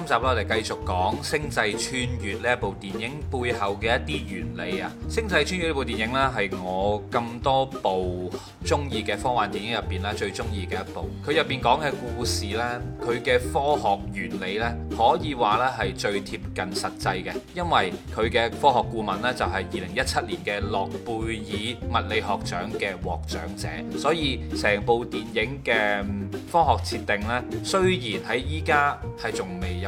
今集我哋繼續講《星際穿越》呢一部電影背後嘅一啲原理啊，《星際穿越》呢部電影呢，係我咁多部中意嘅科幻電影入邊呢最中意嘅一部。佢入邊講嘅故事呢，佢嘅科學原理呢，可以話呢係最貼近實際嘅，因為佢嘅科學顧問呢，就係二零一七年嘅諾貝爾物理學獎嘅獲獎者，所以成部電影嘅科學設定呢，雖然喺依家係仲未有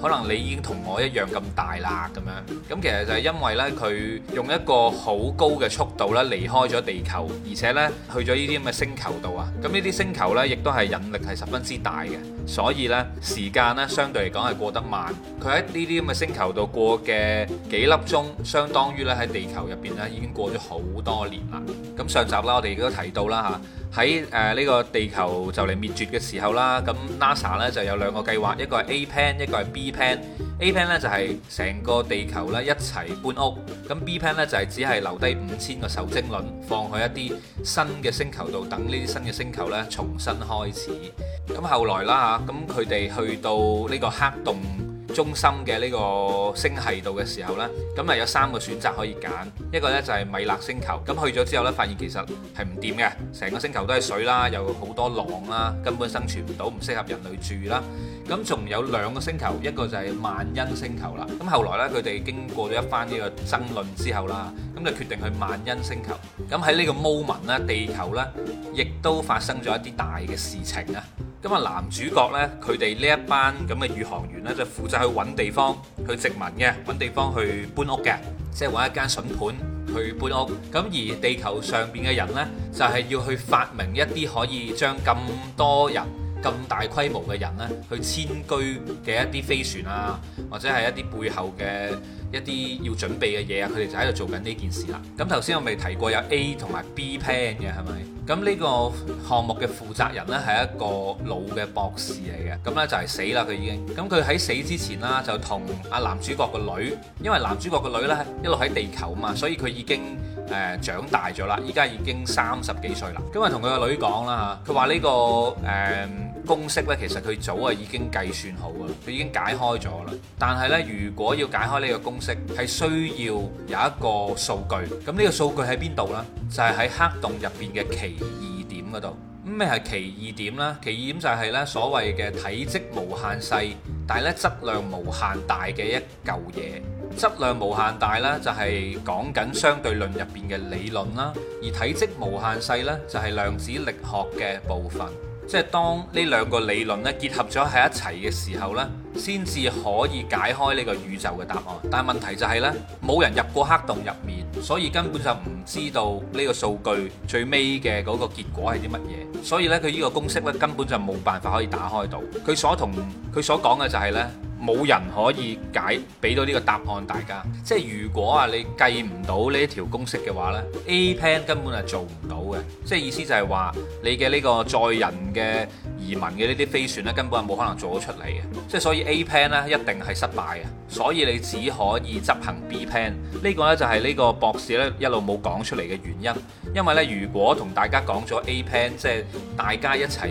可能你已經同我一樣咁大啦，咁樣咁其實就係因為呢，佢用一個好高嘅速度呢離開咗地球，而且呢，去咗呢啲咁嘅星球度啊。咁呢啲星球呢，亦都係引力係十分之大嘅，所以呢，時間呢，相對嚟講係過得慢。佢喺呢啲咁嘅星球度過嘅幾粒鐘，相當於呢，喺地球入邊呢已經過咗好多年啦。咁上集啦，我哋亦都提到啦嚇。喺誒呢個地球就嚟滅絕嘅時候啦，咁 NASA 咧就有兩個計劃，一個係 A plan，一個係 B plan。A plan 咧就係成個地球咧一齊搬屋，咁 B plan 咧就係只係留低五千個受精卵，放喺一啲新嘅星球度，等呢啲新嘅星球咧重新開始。咁後來啦嚇，咁佢哋去到呢個黑洞。中心嘅呢個星系度嘅時候呢，咁啊有三個選擇可以揀，一個呢就係米勒星球，咁去咗之後呢，發現其實係唔掂嘅，成個星球都係水啦，有好多浪啦，根本生存唔到，唔適合人類住啦。咁仲有兩個星球，一個就係萬恩星球啦。咁後來呢，佢哋經過咗一番呢個爭論之後啦，咁就決定去萬恩星球。咁喺呢個 moment 呢，地球呢亦都發生咗一啲大嘅事情啊！咁啊，男主角咧，佢哋呢一班咁嘅宇航員咧，就負責去揾地方去殖民嘅，揾地方去搬屋嘅，即係揾一間筍盤去搬屋。咁而地球上邊嘅人咧，就係要去發明一啲可以將咁多人、咁大規模嘅人咧，去遷居嘅一啲飛船啊，或者係一啲背後嘅。一啲要準備嘅嘢啊，佢哋就喺度做緊呢件事啦。咁頭先我未提過有 A 同埋 B plan 嘅係咪？咁呢個項目嘅負責人呢，係一個老嘅博士嚟嘅，咁呢就係死啦佢已經。咁佢喺死之前啦，就同阿男主角個女，因為男主角個女呢一路喺地球啊嘛，所以佢已經誒長大咗啦，依家已經三十幾歲啦。咁啊同佢個女講啦，佢話呢個誒。公式咧，其實佢早就已經計算好㗎啦，佢已經解開咗啦。但係咧，如果要解開呢個公式，係需要有一個數據。咁呢個數據喺邊度咧？就係喺黑洞入邊嘅奇異點嗰度。咁咩係奇異點咧？奇異點就係咧，所謂嘅體積無限細，但係咧質量無限大嘅一嚿嘢。質量無限大咧，就係講緊相對論入邊嘅理論啦。而體積無限細咧，就係量子力學嘅部分。即係當呢兩個理論咧結合咗喺一齊嘅時候咧，先至可以解開呢個宇宙嘅答案。但係問題就係呢，冇人入過黑洞入面，所以根本就唔知道呢個數據最尾嘅嗰個結果係啲乜嘢。所以呢，佢呢個公式咧根本就冇辦法可以打開到。佢所同佢所講嘅就係呢。冇人可以解俾到呢個答案，大家。即係如果啊，你計唔到呢條公式嘅話呢，A Pen 根本係做唔到嘅。即係意思就係話，你嘅呢個載人嘅，移民嘅呢啲飛船咧，根本係冇可能做咗出嚟嘅，即係所以 A plan 咧一定係失敗嘅，所以你只可以執行 B plan。呢個呢就係呢個博士咧一路冇講出嚟嘅原因，因為呢如果同大家講咗 A plan，即係大家一齊誒、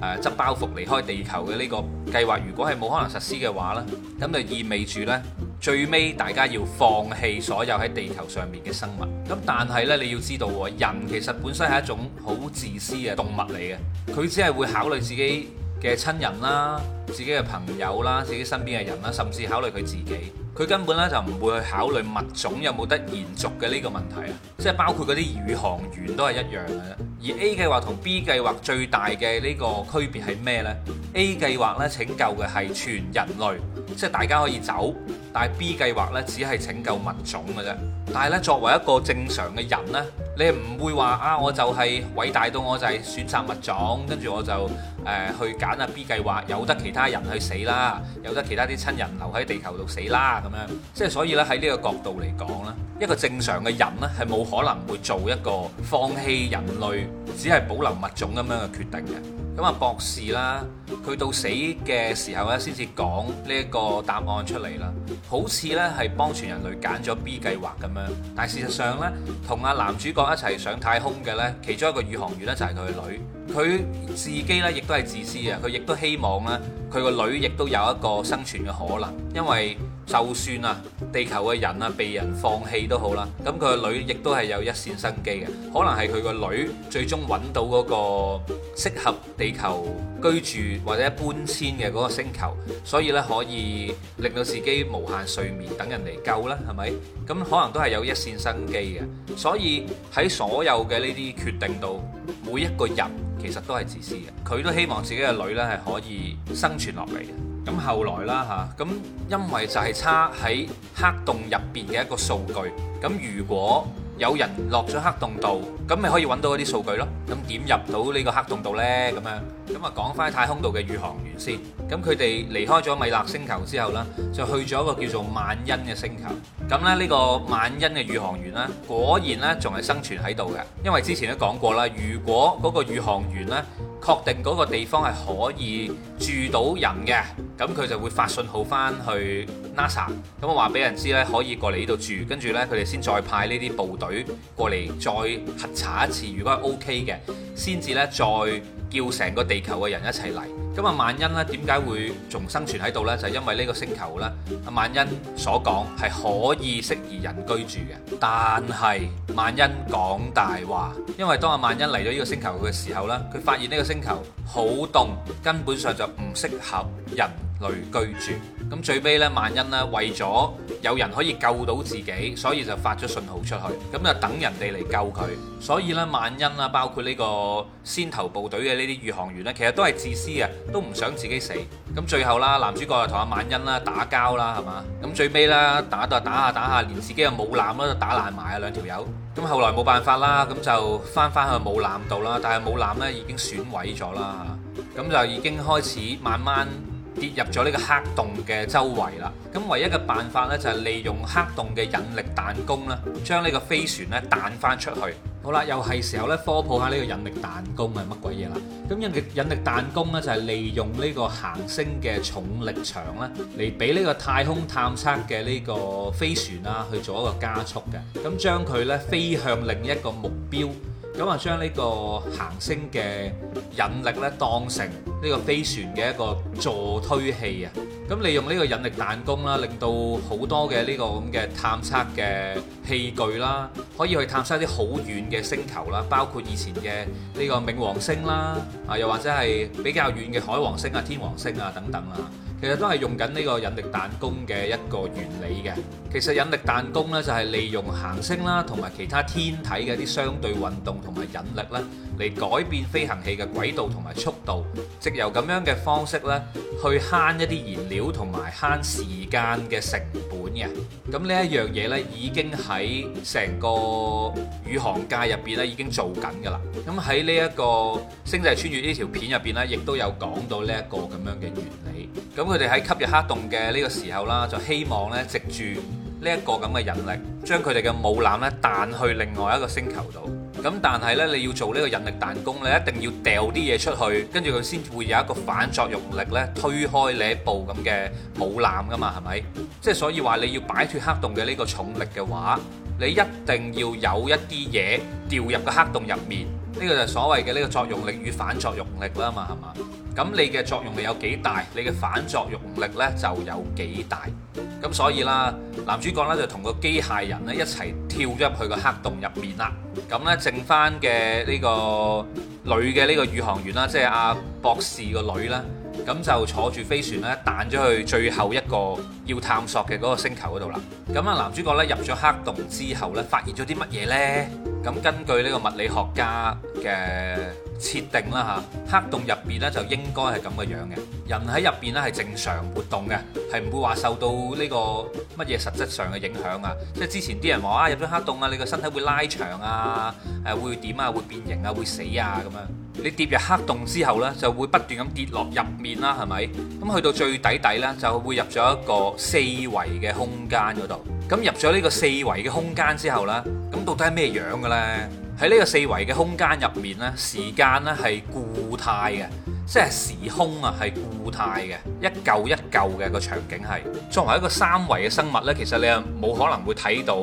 呃、執包袱離開地球嘅呢個計劃，如果係冇可能實施嘅話呢，咁就意味住呢。最尾，大家要放棄所有喺地球上面嘅生物。咁但係呢，你要知道喎，人其實本身係一種好自私嘅動物嚟嘅，佢只係會考慮自己嘅親人啦、自己嘅朋友啦、自己身邊嘅人啦，甚至考慮佢自己。佢根本呢，就唔會去考慮物種有冇得延續嘅呢個問題啊，即係包括嗰啲宇航員都係一樣嘅。而 A 計劃同 B 計劃最大嘅呢個區別係咩呢？A 計劃呢，拯救嘅係全人類，即係大家可以走。但係 B 計劃咧，只係拯救物種嘅啫。但係咧，作為一個正常嘅人咧，你唔會話啊，我就係偉大到我就係選擇物種，跟住我就誒、呃、去揀啊 B 計劃，由得其他人去死啦，由得其他啲親人留喺地球度死啦咁樣，樣，即係所以咧，喺呢個角度嚟講咧，一個正常嘅人咧係冇可能會做一個放棄人類，只係保留物種咁樣嘅決定嘅。咁啊，博士啦，佢到死嘅時候咧，先至講呢一個答案出嚟啦，好似咧係幫全人類揀咗 B 計劃咁。但係事實上咧，同阿男主角一齊上太空嘅咧，其中一個宇航員咧就係佢嘅女，佢自己咧亦都係自私嘅。佢亦都希望咧，佢個女亦都有一個生存嘅可能，因為。就算啊，地球嘅人啊被人放棄都好啦，咁佢個女亦都係有一線生機嘅。可能係佢個女最終揾到嗰個適合地球居住或者搬遷嘅嗰個星球，所以呢可以令到自己無限睡眠，等人嚟救啦，係咪？咁可能都係有一線生機嘅。所以喺所有嘅呢啲決定度，每一個人其實都係自私嘅，佢都希望自己嘅女呢係可以生存落嚟嘅。咁後來啦嚇，咁因為就係差喺黑洞入邊嘅一個數據，咁如果有人落咗黑洞度，咁咪可以揾到嗰啲數據咯。咁點入到呢個黑洞度呢？咁樣咁啊，講返太空度嘅宇航員先。咁佢哋離開咗米勒星球之後呢，就去咗一個叫做曼恩嘅星球。咁咧呢個曼恩嘅宇航員呢，果然呢，仲係生存喺度嘅，因為之前都講過啦，如果嗰個宇航員呢。確定嗰個地方係可以住到人嘅，咁佢就會發信號翻去 NASA，咁我話俾人知呢可以過嚟呢度住，跟住呢，佢哋先再派呢啲部隊過嚟再核查一次，如果係 OK 嘅，先至呢再叫成個地球嘅人一齊嚟。咁啊、就是，萬恩呢點解會仲生存喺度呢？就因為呢個星球呢，阿萬恩所講係可以適宜人居住嘅。但係萬恩講大話，因為當阿萬恩嚟咗呢個星球嘅時候呢，佢發現呢個星球好凍，根本上就唔適合人類居住。咁最尾呢，萬恩呢為咗有人可以救到自己，所以就發咗信號出去，咁就等人哋嚟救佢。所以呢，萬恩啦，包括呢個先頭部隊嘅呢啲宇航員呢，其實都係自私嘅。都唔想自己死，咁最後啦，男主角就同阿萬恩啦打交啦，係嘛？咁最尾啦，打到打下打下，連自己嘅母艦啦都打爛埋兩條友，咁後來冇辦法啦，咁就翻返去母艦度啦，但係母艦呢，已經損毀咗啦，咁就已經開始慢慢。跌入咗呢個黑洞嘅周圍啦，咁唯一嘅辦法呢就係利用黑洞嘅引力彈弓啦，將呢個飛船呢彈翻出去。好啦，又係時候呢科普下呢個引力彈弓係乜鬼嘢啦？咁引力引力彈弓呢就係利用呢個行星嘅重力場呢，嚟俾呢個太空探測嘅呢個飛船啦去做一個加速嘅，咁將佢呢飛向另一個目標，咁啊將呢個行星嘅引力呢當成。呢個飛船嘅一個助推器啊，咁利用呢個引力彈弓啦，令到好多嘅呢個咁嘅探測嘅器具啦，可以去探測一啲好遠嘅星球啦，包括以前嘅呢個冥王星啦，啊又或者係比較遠嘅海王星啊、天王星啊等等啦，其實都係用緊呢個引力彈弓嘅一個原理嘅。其實引力彈弓呢，就係利用行星啦同埋其他天體嘅啲相對運動同埋引力啦，嚟改變飛行器嘅軌道同埋速度。由咁樣嘅方式咧，去慳一啲燃料同埋慳時間嘅成本嘅。咁呢一樣嘢咧，已經喺成個宇航界入邊咧，已經做緊㗎啦。咁喺呢一個星際穿越呢條片入邊咧，亦都有講到呢一個咁樣嘅原理。咁佢哋喺吸入黑洞嘅呢個時候啦，就希望呢藉住，呢一個咁嘅引力，將佢哋嘅母艦咧彈去另外一個星球度。咁但係呢，你要做呢個引力彈弓，你一定要掉啲嘢出去，跟住佢先會有一個反作用力呢，推開你一部咁嘅母艦噶嘛，係咪？即係所以話你要擺脱黑洞嘅呢個重力嘅話，你一定要有一啲嘢掉入個黑洞入面，呢個就係所謂嘅呢個作用力與反作用力啦嘛，係嘛？咁你嘅作用力有幾大，你嘅反作用力呢就有幾大。咁所以啦，男主角呢就同個機械人呢一齊跳咗入去個黑洞入面啦。咁呢，剩翻嘅呢個女嘅呢個宇航員啦，即係阿博士個女啦。咁就坐住飛船咧，彈咗去最後一個要探索嘅嗰個星球嗰度啦。咁啊，男主角咧入咗黑洞之後咧，發現咗啲乜嘢呢？咁根據呢個物理學家嘅設定啦，吓，黑洞入邊咧就應該係咁嘅樣嘅。人喺入邊咧係正常活動嘅，係唔會話受到呢個乜嘢實質上嘅影響啊！即係之前啲人話啊，入咗黑洞啊，你個身體會拉長啊，誒、啊、會點啊，會變形啊，會死啊咁樣。你跌入黑洞之後呢，就會不斷咁跌落入面啦，係咪？咁去到最底底呢，就會入咗一個四維嘅空間嗰度。咁入咗呢個四維嘅空間之後呢，咁到底係咩樣嘅咧？喺呢個四維嘅空間入面呢，時間呢係固態嘅。即係時空啊，係固態嘅，一舊一舊嘅個場景係。作為一個三維嘅生物呢，其實你係冇可能會睇到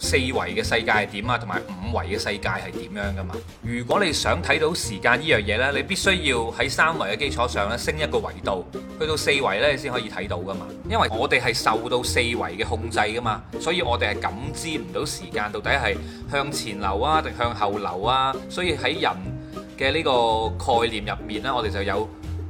四維嘅世界係點啊，同埋五維嘅世界係點樣噶嘛。如果你想睇到時間呢樣嘢呢，你必須要喺三維嘅基礎上咧升一個維度，去到四維呢你先可以睇到噶嘛。因為我哋係受到四維嘅控制噶嘛，所以我哋係感知唔到時間到底係向前流啊，定向後流啊。所以喺人嘅呢個概念入面呢，我哋就有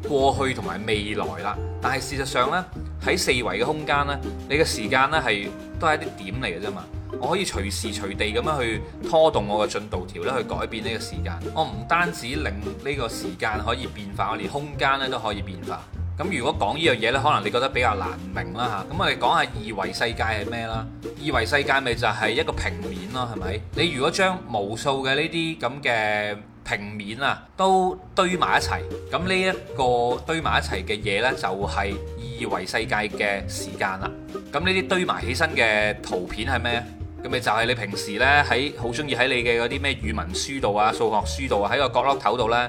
過去同埋未來啦。但係事實上呢，喺四維嘅空間呢，你嘅時間呢，係都係一啲點嚟嘅啫嘛。我可以隨時隨地咁樣去拖動我嘅進度條呢，去改變呢個時間。我唔單止令呢個時間可以變化，我連空間呢都可以變化。咁如果講呢樣嘢呢，可能你覺得比較難明啦吓，咁我哋講下二維世界係咩啦？二維世界咪就係一個平面咯，係咪？你如果將無數嘅呢啲咁嘅。平面啊，都堆埋一齊，咁呢一個堆埋一齊嘅嘢呢，就係二維世界嘅時間啦。咁呢啲堆埋起身嘅圖片係咩？咁咪就係你平時呢喺好鍾意喺你嘅嗰啲咩語文書度啊、數學書度啊，喺個角落頭度呢，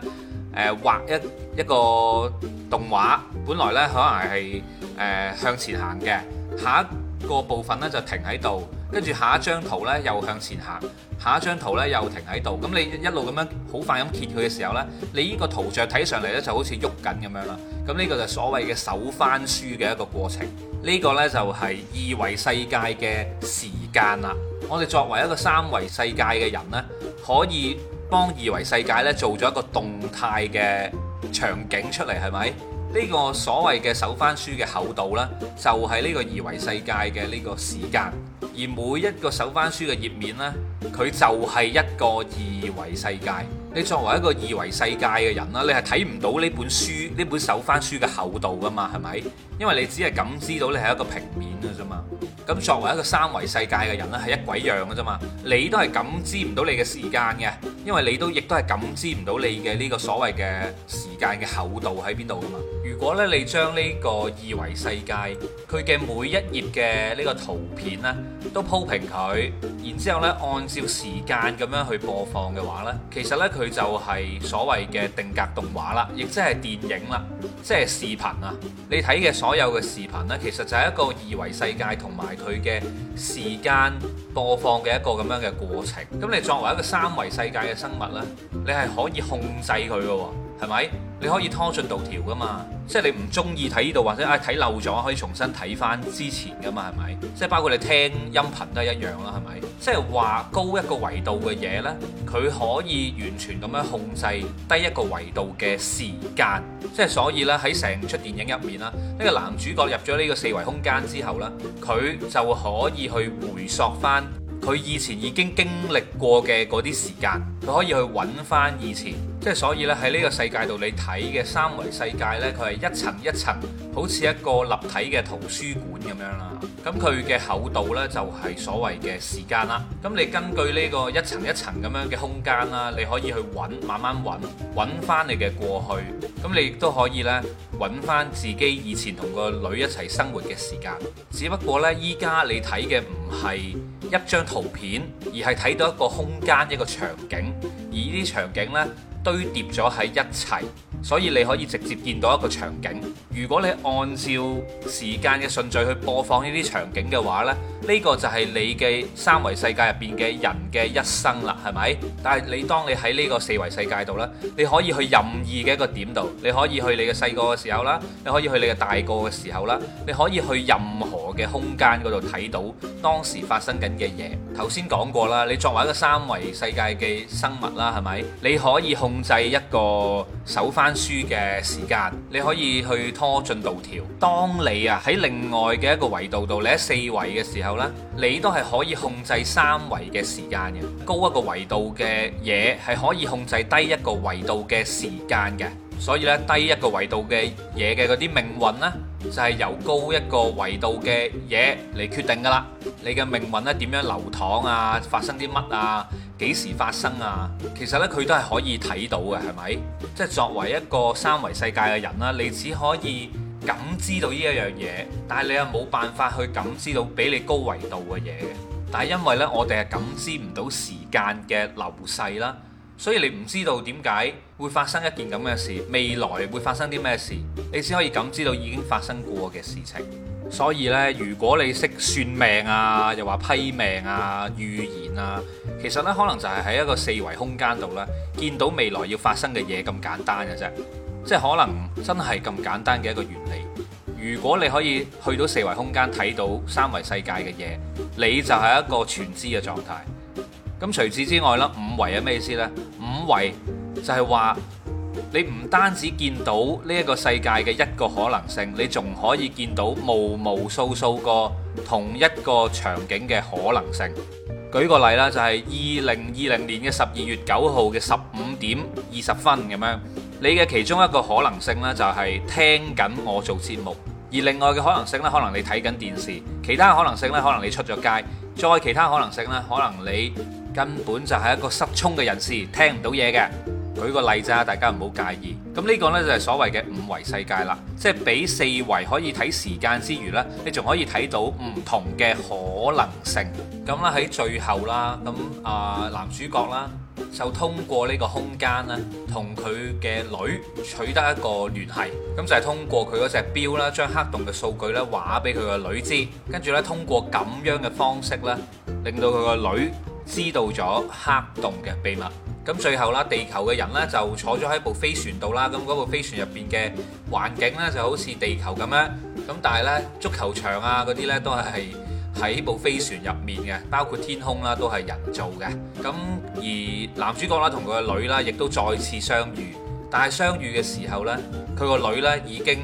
誒畫一一個動畫，本來呢可能係誒向前行嘅，下一個部分呢就停喺度。跟住下一張圖呢，又向前行；下一張圖呢，又停喺度。咁你一路咁樣好快咁揭佢嘅時候呢，你呢個圖像睇上嚟呢，就好似喐緊咁樣啦。咁呢個就係所謂嘅手翻書嘅一個過程。呢個呢，就係二維世界嘅時間啦。我哋作為一個三維世界嘅人呢，可以幫二維世界呢做咗一個動態嘅場景出嚟，係咪？呢個所謂嘅手翻書嘅厚度呢，就係呢個二維世界嘅呢個時間。而每一個手翻書嘅頁面呢，佢就係一個二維世界。你作為一個二維世界嘅人啦，你係睇唔到呢本書呢本手翻書嘅厚度噶嘛，係咪？因為你只係感知到你係一個平面嘅啫嘛。咁作為一個三維世界嘅人咧，係一鬼樣嘅啫嘛。你都係感知唔到你嘅時間嘅，因為你都亦都係感知唔到你嘅呢個所謂嘅時間嘅厚度喺邊度噶嘛。如果咧你將呢個二維世界佢嘅每一頁嘅呢個圖片咧都鋪平佢，然之後咧按照時間咁樣去播放嘅話咧，其實咧佢就係所謂嘅定格動畫啦，亦即係電影啦，即係視頻啊！你睇嘅所有嘅視頻咧，其實就係一個二維世界同埋佢嘅時間播放嘅一個咁樣嘅過程。咁你作為一個三維世界嘅生物咧，你係可以控制佢嘅喎。係咪？你可以拖進度條噶嘛？即係你唔中意睇呢度或者啊睇漏咗，可以重新睇翻之前噶嘛？係咪？即係包括你聽音頻都係一樣啦，係咪？即係話高一個維度嘅嘢呢，佢可以完全咁樣控制低一個維度嘅時間。即係所以呢，喺成出電影入面啦，呢個男主角入咗呢個四維空間之後呢，佢就可以去回溯翻佢以前已經經歷過嘅嗰啲時間，佢可以去揾翻以前。即係所以咧，喺呢個世界度，你睇嘅三維世界呢，佢係一層一層，好似一個立體嘅圖書館咁樣啦。咁佢嘅厚度呢，就係所謂嘅時間啦。咁你根據呢個一層一層咁樣嘅空間啦，你可以去揾，慢慢揾揾翻你嘅過去。咁你亦都可以呢，揾翻自己以前同個女一齊生活嘅時間。只不過呢，依家你睇嘅唔係一張圖片，而係睇到一個空間一個場景，而呢啲場景呢，堆疊咗喺一齊。所以你可以直接見到一個場景。如果你按照時間嘅順序去播放呢啲場景嘅話咧，呢個就係你嘅三維世界入邊嘅人嘅一生啦，係咪？但係你當你喺呢個四維世界度咧，你可以去任意嘅一個點度，你可以去你嘅細個嘅時候啦，你可以去你嘅大個嘅時候啦，你可以去任何嘅空間度睇到當時發生緊嘅嘢。頭先講過啦，你作為一個三維世界嘅生物啦，係咪？你可以控制一個手翻。翻書嘅時間，你可以去拖進度條。當你啊喺另外嘅一個維度度，你喺四維嘅時候呢，你都係可以控制三維嘅時間嘅。高一個維度嘅嘢係可以控制低一個維度嘅時間嘅。所以呢，低一個維度嘅嘢嘅嗰啲命運呢，就係由高一個維度嘅嘢嚟決定噶啦。你嘅命運呢，點樣流淌啊，發生啲乜啊？幾時發生啊？其實呢，佢都係可以睇到嘅，係咪？即係作為一個三維世界嘅人啦，你只可以感知到呢一樣嘢，但係你又冇辦法去感知到比你高維度嘅嘢。但係因為呢，我哋係感知唔到時間嘅流逝啦，所以你唔知道點解會發生一件咁嘅事，未來會發生啲咩事，你只可以感知到已經發生過嘅事情。所以咧，如果你識算命啊，又話批命啊、預言啊，其實咧可能就係喺一個四維空間度咧，見到未來要發生嘅嘢咁簡單嘅啫，即係可能真係咁簡單嘅一個原理。如果你可以去到四維空間睇到三維世界嘅嘢，你就係一個全知嘅狀態。咁除此之外啦，五維係咩意思呢？五維就係話，你唔單止見到呢一個世界嘅一個可能性，你仲可以見到無無數數個同一個場景嘅可能性。舉個例啦，就係二零二零年嘅十二月九號嘅十五點二十分咁樣，你嘅其中一個可能性呢就係聽緊我做節目，而另外嘅可能性呢可能你睇緊電視，其他可能性呢可能你出咗街，再其他可能性呢可能你根本就係一個失聰嘅人士，聽唔到嘢嘅。舉個例子，大家唔好介意。咁呢個呢，就係所謂嘅五維世界啦，即係比四維可以睇時間之餘呢，你仲可以睇到唔同嘅可能性。咁啦喺最後啦，咁啊、呃、男主角啦就通過呢個空間呢，同佢嘅女取得一個聯繫。咁就係通過佢嗰隻錶啦，將黑洞嘅數據呢，話俾佢個女知，跟住呢，通過咁樣嘅方式呢，令到佢個女知道咗黑洞嘅秘密。咁最後啦，地球嘅人咧就坐咗喺部飛船度啦。咁嗰部飛船入邊嘅環境咧就好似地球咁咧。咁但係咧足球場啊嗰啲咧都係喺部飛船入面嘅，包括天空啦都係人造嘅。咁而男主角啦同佢個女啦亦都再次相遇，但係相遇嘅時候咧，佢個女咧已經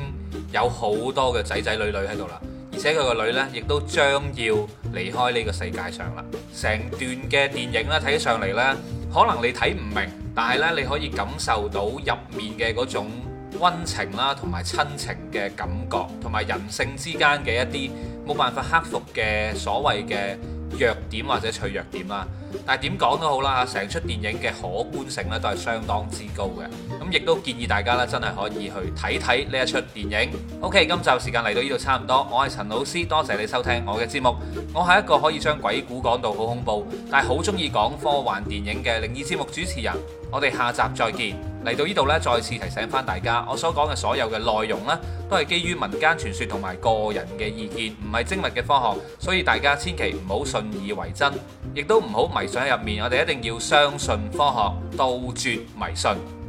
有好多嘅仔仔女女喺度啦，而且佢個女咧亦都將要離開呢個世界上啦。成段嘅電影咧睇起上嚟咧。可能你睇唔明，但係咧你可以感受到入面嘅嗰種温情啦，同埋親情嘅感覺，同埋人性之間嘅一啲冇辦法克服嘅所謂嘅弱點或者脆弱點啦。但係點講都好啦，成出電影嘅可觀性咧都係相當之高嘅。咁亦都建議大家咧，真係可以去睇睇呢一出電影。O.K. 今集時間嚟到呢度差唔多，我係陳老師，多謝你收聽我嘅節目。我係一個可以將鬼故講到好恐怖，但係好鍾意講科幻電影嘅靈異節目主持人。我哋下集再見。嚟到呢度呢，再次提醒返大家，我所講嘅所有嘅內容咧，都係基於民間傳說同埋個人嘅意見，唔係精密嘅科學，所以大家千祈唔好信以為真，亦都唔好迷信喺入面。我哋一定要相信科學，杜絕迷信。